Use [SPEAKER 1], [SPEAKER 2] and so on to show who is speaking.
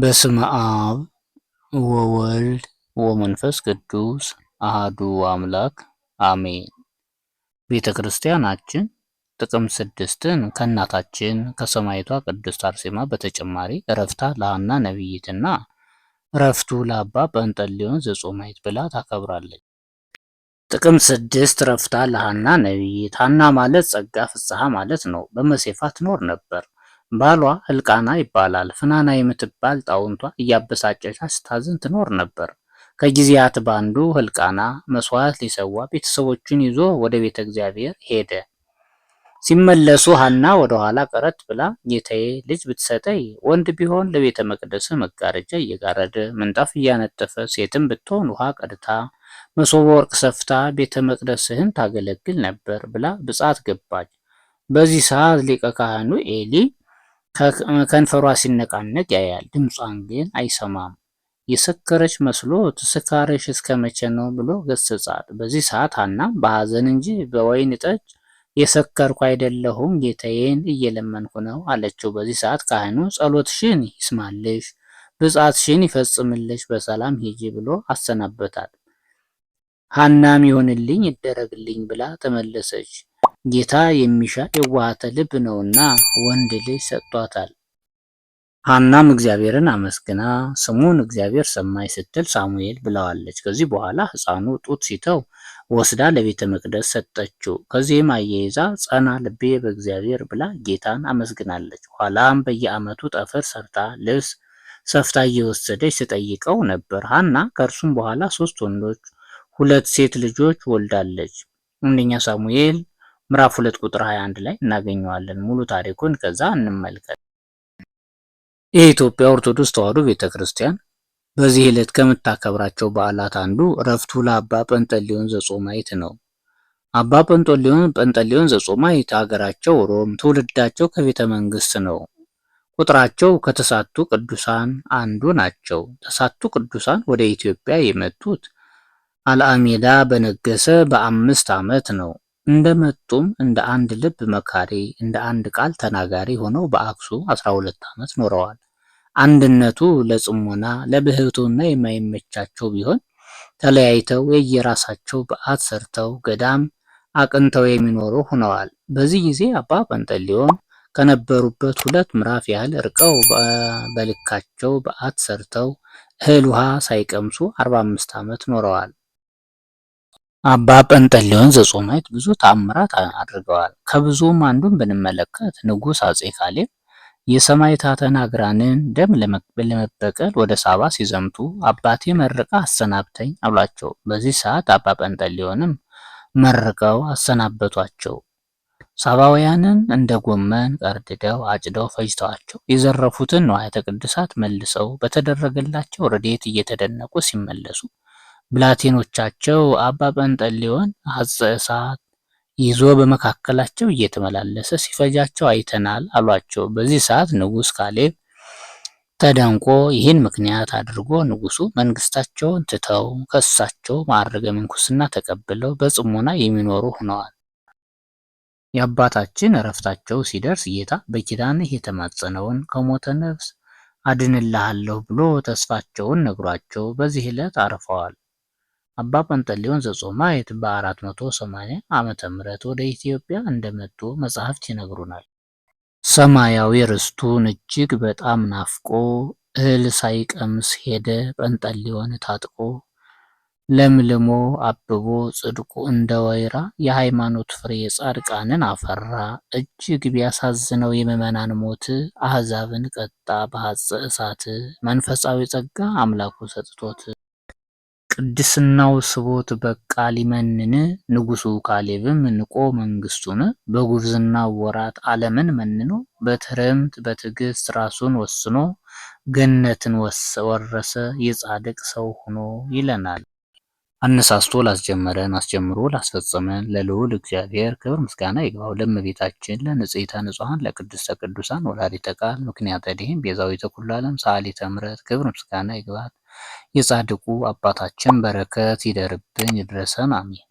[SPEAKER 1] በስመ አብ ወወልድ ወመንፈስ ቅዱስ አህዱ አምላክ አሜን።
[SPEAKER 2] ቤተ ክርስቲያናችን ጥቅም ስድስትን ከእናታችን ከሰማይቷ ቅድስት አርሴማ በተጨማሪ እረፍታ ለሐና ነቢይትና እረፍቱ ለአባ ጰንጠሌዎን ዘጾማይት ብላ ታከብራለች። ጥቅም ስድስት እረፍታ ለሐና ነቢይት። ሐና ማለት ጸጋ ፍስሐ ማለት ነው። በመሴፋ ትኖር ነበር። ባሏ ህልቃና ይባላል። ፍናና የምትባል ጣውንቷ እያበሳጨቻ ስታዝን ትኖር ነበር። ከጊዜያት ባንዱ ህልቃና መስዋዕት ሊሰዋ ቤተሰቦቹን ይዞ ወደ ቤተ እግዚአብሔር ሄደ። ሲመለሱ ሀና ወደ ኋላ ቀረት ብላ ጌታዬ ልጅ ብትሰጠኝ ወንድ ቢሆን ለቤተ መቅደስ መጋረጃ እየጋረደ ምንጣፍ እያነጠፈ፣ ሴትም ብትሆን ውሃ ቀድታ መሶበ ወርቅ ሰፍታ ቤተ መቅደስህን ታገለግል ነበር ብላ ብጻት ገባች። በዚህ ሰዓት ሊቀ ካህኑ ኤሊ ከንፈሯ ሲነቃነቅ ያያል። ድምጿን ግን አይሰማም። የሰከረች መስሎት ስካርሽ እስከ መቼ ነው ብሎ ገሰጻት። በዚህ ሰዓት ሐናም በሐዘን እንጂ በወይን ጠጅ የሰከርኩ አይደለሁም ጌታዬን እየለመንኩ ነው አለችው። በዚህ ሰዓት ካህኑ ጸሎትሽን ይስማልሽ፣ ብጻትሽን ይፈጽምልሽ፣ በሰላም ሂጂ ብሎ አሰናበታት። ሐናም ይሁንልኝ ይደረግልኝ ብላ ተመለሰች። ጌታ የሚሻ የዋሃተ ልብ ነውና ወንድ ልጅ ሰጥቷታል። ሐናም እግዚአብሔርን አመስግና ስሙን እግዚአብሔር ሰማይ ስትል ሳሙኤል ብለዋለች። ከዚህ በኋላ ሕፃኑ ጡት ሲተው ወስዳ ለቤተ መቅደስ ሰጠችው። ከዚህም አያይዛ ጸና ልቤ በእግዚአብሔር ብላ ጌታን አመስግናለች። ኋላም በየዓመቱ ጠፍር ሰርታ ልብስ ሰፍታ እየወሰደች ስጠይቀው ነበር። ሐና ከእርሱም በኋላ ሶስት ወንዶች ሁለት ሴት ልጆች ወልዳለች። አንደኛ ሳሙኤል ምዕራፍ ሁለት ቁጥር 21 ላይ እናገኘዋለን። ሙሉ ታሪኩን ከዛ እንመልከት። የኢትዮጵያ ኦርቶዶክስ ተዋሕዶ ቤተክርስቲያን በዚህ ዕለት ከምታከብራቸው በዓላት አንዱ ረፍቱ ለአባ ጰንጠሌዎን ዘጾማይት ነው። አባ ጰንጠሌዎን ጰንጠሌዎን ዘጾማይት ሀገራቸው ሮም፣ ትውልዳቸው ከቤተ መንግስት ነው። ቁጥራቸው ከተሳቱ ቅዱሳን አንዱ ናቸው። ተሳቱ ቅዱሳን ወደ ኢትዮጵያ የመጡት አልአሜዳ በነገሰ በአምስት ዓመት ነው። እንደመጡም እንደ አንድ ልብ መካሪ፣ እንደ አንድ ቃል ተናጋሪ ሆነው በአክሱ 12 ዓመት ኖረዋል። አንድነቱ ለጽሞና ለብህቱና የማይመቻቸው ቢሆን ተለያይተው የየራሳቸው በዓት ሰርተው ገዳም አቅንተው የሚኖሩ ሆነዋል። በዚህ ጊዜ አባ ጰንጠሌዎን ከነበሩበት ሁለት ምዕራፍ ያህል እርቀው በልካቸው በዓት ሰርተው እህል ውሃ ሳይቀምሱ 45 ዓመት ኖረዋል። አባ ጰንጠሌዎን ዘጾማይት ብዙ ተአምራት አድርገዋል። ከብዙም አንዱን ብንመለከት ንጉሥ አጼ ካሌብ የሰማዕታትን አግራንን ደም ለመበቀል ወደ ሳባ ሲዘምቱ አባቴ መርቃ አሰናብተኝ አሏቸው። በዚህ ሰዓት አባ ጰንጠሌዎንም መርቀው አሰናበቷቸው። ሳባውያንን እንደ ጎመን ቀርድደው አጭደው ፈጅተዋቸው የዘረፉትን ንዋያተ ቅድሳት መልሰው በተደረገላቸው ረድኤት እየተደነቁ ሲመለሱ ብላቴኖቻቸው አባ ጰንጠሌዎን አጽ እሳት ይዞ በመካከላቸው እየተመላለሰ ሲፈጃቸው አይተናል አሏቸው። በዚህ ሰዓት ንጉስ ካሌብ ተደንቆ ይህን ምክንያት አድርጎ ንጉሱ መንግስታቸውን ትተው ከእሳቸው ማዕረገ ምንኩስና ተቀብለው በጽሞና የሚኖሩ ሆነዋል። የአባታችን እረፍታቸው ሲደርስ ጌታ በኪዳንህ የተማጸነውን ከሞተ ነፍስ አድንልሃለሁ ብሎ ተስፋቸውን ነግሯቸው በዚህ ዕለት አርፈዋል። አባ ጰንጠሌዎን ዘጾማዕት በ480 ዓመተ ምህረት ወደ ኢትዮጵያ እንደመጡ መጻሕፍት ይነግሩናል። ሰማያዊ ርስቱን እጅግ በጣም ናፍቆ እህል ሳይቀምስ ሄደ ጰንጠሌዎን ታጥቆ። ለምልሞ አብቦ ጽድቁ እንደ ወይራ የሃይማኖት ፍሬ ጻድቃንን አፈራ። እጅግ ቢያሳዝነው የምዕመናን ሞት አሕዛብን ቀጣ በሐፀ እሳት መንፈሳዊ ጸጋ አምላኩ ሰጥቶት ቅድስናው ስቦት በቃ ሊመንን ንጉሱ ካሌብም ንቆ መንግስቱን በጉብዝና ወራት ዓለምን መንኖ በትሕርምት በትዕግሥት ራሱን ወስኖ ገነትን ወረሰ የጻድቅ ሰው ሆኖ ይለናል። አነሳስቶ ላስጀመረን አስጀምሮ ላስፈጸመን ለልዑል እግዚአብሔር ክብር ምስጋና ይግባው። ለእመቤታችን ለንጽሕተ ንጹሐን ለቅድስተ ቅዱሳን ወላዲተ ቃል ምክንያተ ድኂን ቤዛዊተ ኩሉ ዓለም ሰዓሊተ ምሕረት ክብር ምስጋና ይግባት። የጻድቁ አባታችን በረከት ይደርብን ይድረሰን፣ አሜን።